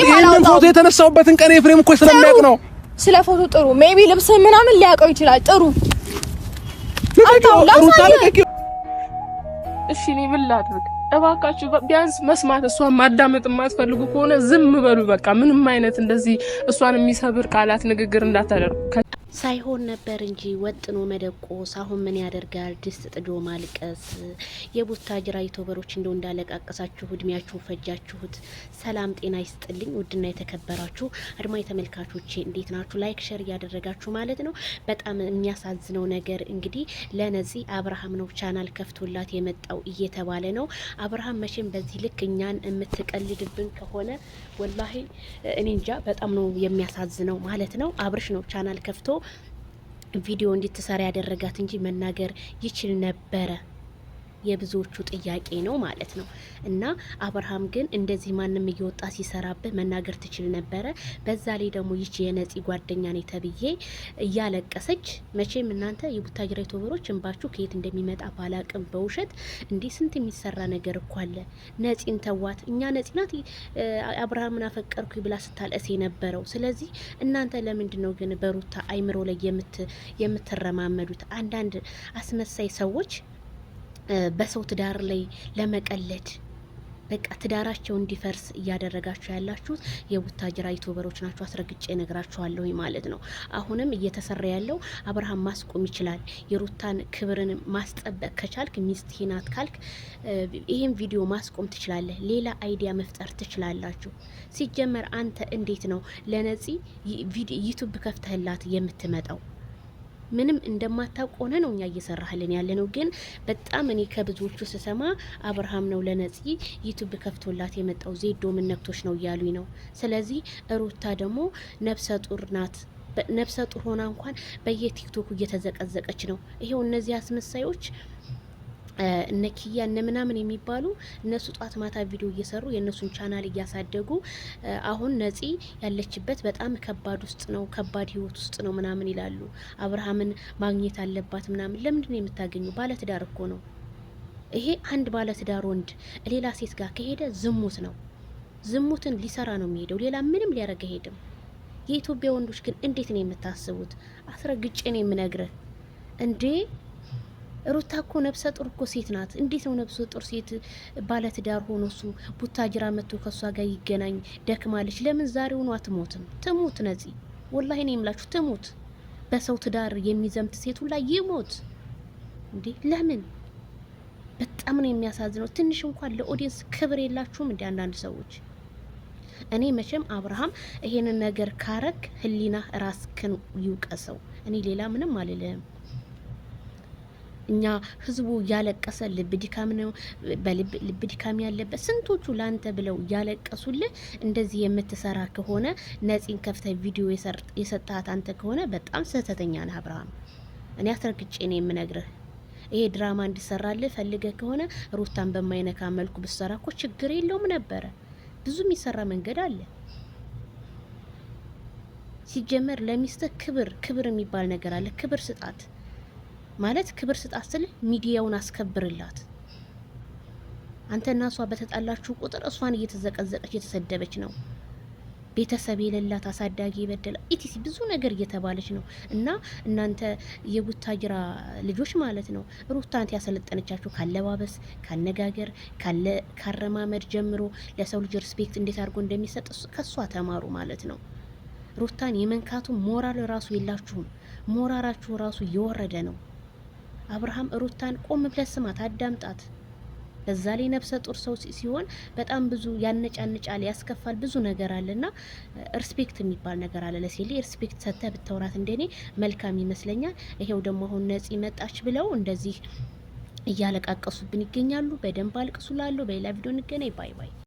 ይሄንን ፎቶ ቀን ኤፍሬም እኮ ስለሚያውቅ ነው። ስለ ፎቶ ጥሩ ሜቢ ልብስ ምናምን ሊያውቀው ይችላል። ጥሩ እሺ፣ እኔ ምን ላድርግ? እባካችሁ ቢያንስ መስማት እሷን ማዳመጥ የማትፈልጉ ከሆነ ዝም በሉ። በቃ ምንም አይነት እንደዚህ እሷን የሚሰብር ቃላት፣ ንግግር እንዳታደርጉ። ሳይሆን ነበር እንጂ ወጥኖ መደቆስ። አሁን ምን ያደርጋል? ድስት ጥዶ ማልቀስ። ጅራ ዩቱበሮች እንደው እንዳለቃቀሳችሁ እድሜያችሁ ፈጃችሁት። ሰላም ጤና ይስጥልኝ። ውድና የተከበራችሁ አድማጭ ተመልካቾቼ እንዴት ናችሁ? ላይክ ሸር እያደረጋችሁ ማለት ነው። በጣም የሚያሳዝነው ነገር እንግዲህ ለነፂ አብርሃም ነው ቻናል ከፍቶላት የመጣው እየተባለ ነው። አብርሃም መቼም በዚህ ልክ እኛን የምትቀልድብን ከሆነ ወላሂ እኔ እንጃ፣ በጣም ነው የሚያሳዝነው ማለት ነው። አብርሽ ነው ቻናል ከፍቶ ቪዲዮ እንድትሰራ ያደረጋት እንጂ መናገር ይችል ነበረ። የብዙዎቹ ጥያቄ ነው ማለት ነው። እና አብርሃም ግን እንደዚህ ማንም እየወጣ ሲሰራብህ መናገር ትችል ነበረ። በዛ ላይ ደግሞ ይች የነፂ ጓደኛ ነኝ ተብዬ እያለቀሰች መቼም እናንተ የቡታጅራ ዩቱበሮች እንባችሁ ከየት እንደሚመጣ ባላቅም በውሸት እንዲህ ስንት የሚሰራ ነገር እኮ አለ። ነፂን ተዋት። እኛ ነፂናት አብርሃምን አፈቀርኩ ብላ ስታልእስ የነበረው። ስለዚህ እናንተ ለምንድን ነው ግን በሩታ አይምሮ ላይ የምትረማመዱት? አንዳንድ አስመሳይ ሰዎች በሰው ትዳር ላይ ለመቀለድ በቃ ትዳራቸው እንዲፈርስ እያደረጋችሁ ያላችሁት የቡታጅራ ዩቱበሮች ናቸው። አስረግጬ ነግራችኋለሁ ማለት ነው። አሁንም እየተሰራ ያለው አብርሃም ማስቆም ይችላል። የሩታን ክብርን ማስጠበቅ ከቻልክ ሚስት ናት ካልክ ይህም ቪዲዮ ማስቆም ትችላለህ። ሌላ አይዲያ መፍጠር ትችላላችሁ። ሲጀመር አንተ እንዴት ነው ለነፂ ዩቱብ ከፍተህላት የምትመጣው? ምንም እንደማታውቅ ሆነ ነው እኛ እየሰራህልን ያለ ነው። ግን በጣም እኔ ከብዙዎቹ ስሰማ አብርሃም ነው ለነጽ ዩቱብ ከፍቶላት የመጣው ዜዶ ምን ነክቶች ነው እያሉኝ ነው። ስለዚህ ሩታ ደግሞ ነፍሰ ጡር ናት። ነፍሰ ጡር ሆና እንኳን በየቲክቶኩ እየተዘቀዘቀች ነው። ይሄው እነዚህ አስመሳዮች እነ ኪያ እነ ምናምን የሚባሉ እነሱ ጧት ማታ ቪዲዮ እየሰሩ የእነሱን ቻናል እያሳደጉ አሁን ነፂ ያለችበት በጣም ከባድ ውስጥ ነው፣ ከባድ ህይወት ውስጥ ነው ምናምን ይላሉ። አብርሃምን ማግኘት አለባት ምናምን። ለምንድን ነው የምታገኙ? ባለትዳር እኮ ነው። ይሄ አንድ ባለትዳር ወንድ ሌላ ሴት ጋር ከሄደ ዝሙት ነው። ዝሙትን ሊሰራ ነው የሚሄደው። ሌላ ምንም ሊያደርግ አይሄድም። የኢትዮጵያ ወንዶች ግን እንዴት ነው የምታስቡት? አስረግጬ ነው የምነግርህ እንዴ ሩታ እኮ ነብሰ ጡር እኮ ሴት ናት። እንዴት ነው ነብሰ ጡር ሴት ባለትዳር ሆኖ እሱ ቡታጅራ መጥቶ ከእሷ ጋር ይገናኝ? ደክማለች። ለምን ዛሬ ሆኖ አትሞትም? ትሙት ነፂ፣ ወላሂ ነው የምላችሁ ትሙት። በሰው ትዳር የሚዘምት ሴት ሁላ ይሞት እንዴ! ለምን? በጣም ነው የሚያሳዝነው። ትንሽ እንኳን ለኦዲየንስ ክብር የላችሁም እንዲ አንዳንድ ሰዎች እኔ መቼም አብርሃም ይሄንን ነገር ካረግ ህሊና ራስክን ይውቀሰው። እኔ ሌላ ምንም አልልህም። እኛ ህዝቡ ያለቀሰ ልብ ድካም ነው በልብ ድካም ያለበት ስንቶቹ ላንተ ብለው ያለቀሱልህ። እንደዚህ የምትሰራ ከሆነ ነፂን ከፍተ ቪዲዮ የሰጣት አንተ ከሆነ በጣም ስህተተኛ ነህ አብርሃም። እኔ አስረግጬ ነው የምነግርህ። ይሄ ድራማ እንዲሰራልህ ፈልገህ ከሆነ ሩታን በማይነካ መልኩ ብሰራ እኮ ችግር የለውም ነበረ። ብዙ የሚሰራ መንገድ አለ። ሲጀመር ለሚስትህ ክብር ክብር የሚባል ነገር አለ። ክብር ስጣት። ማለት ክብር ስጣት ስል ሚዲያውን አስከብርላት። አንተ እና እሷ በተጣላችሁ ቁጥር እሷን እየተዘቀዘቀች እየተሰደበች ነው። ቤተሰብ የሌላት አሳዳጊ የበደለ ኢቲሲ ብዙ ነገር እየተባለች ነው። እና እናንተ የቡታጅራ ልጆች ማለት ነው ሩታንት ያሰለጠነቻችሁ ካለባበስ፣ ካነጋገር፣ ካረማመድ ጀምሮ ለሰው ልጅ ሪስፔክት እንዴት አድርጎ እንደሚሰጥ ከእሷ ተማሩ ማለት ነው። ሩታን የመንካቱ ሞራል ራሱ የላችሁም። ሞራራችሁ ራሱ እየወረደ ነው። አብርሃም ሩታን ቆም ብለህ ስማት፣ አዳምጣት። በዛ ላይ ነፍሰ ጡር ሰው ሲሆን በጣም ብዙ ያነጫንጫል፣ ያስከፋል። ብዙ ነገር አለና ሪስፔክት የሚባል ነገር አለ። ለሴሌ ሪስፔክት ሰጥተህ ብታወራት እንደኔ መልካም ይመስለኛል። ይሄው ደግሞ አሁን ነጽ መጣች ብለው እንደዚህ እያለቃቀሱብን ይገኛሉ። በደንብ አልቅሱ ላለው በሌላ ቪዲዮ እንገናኝ። ባይ ባይ።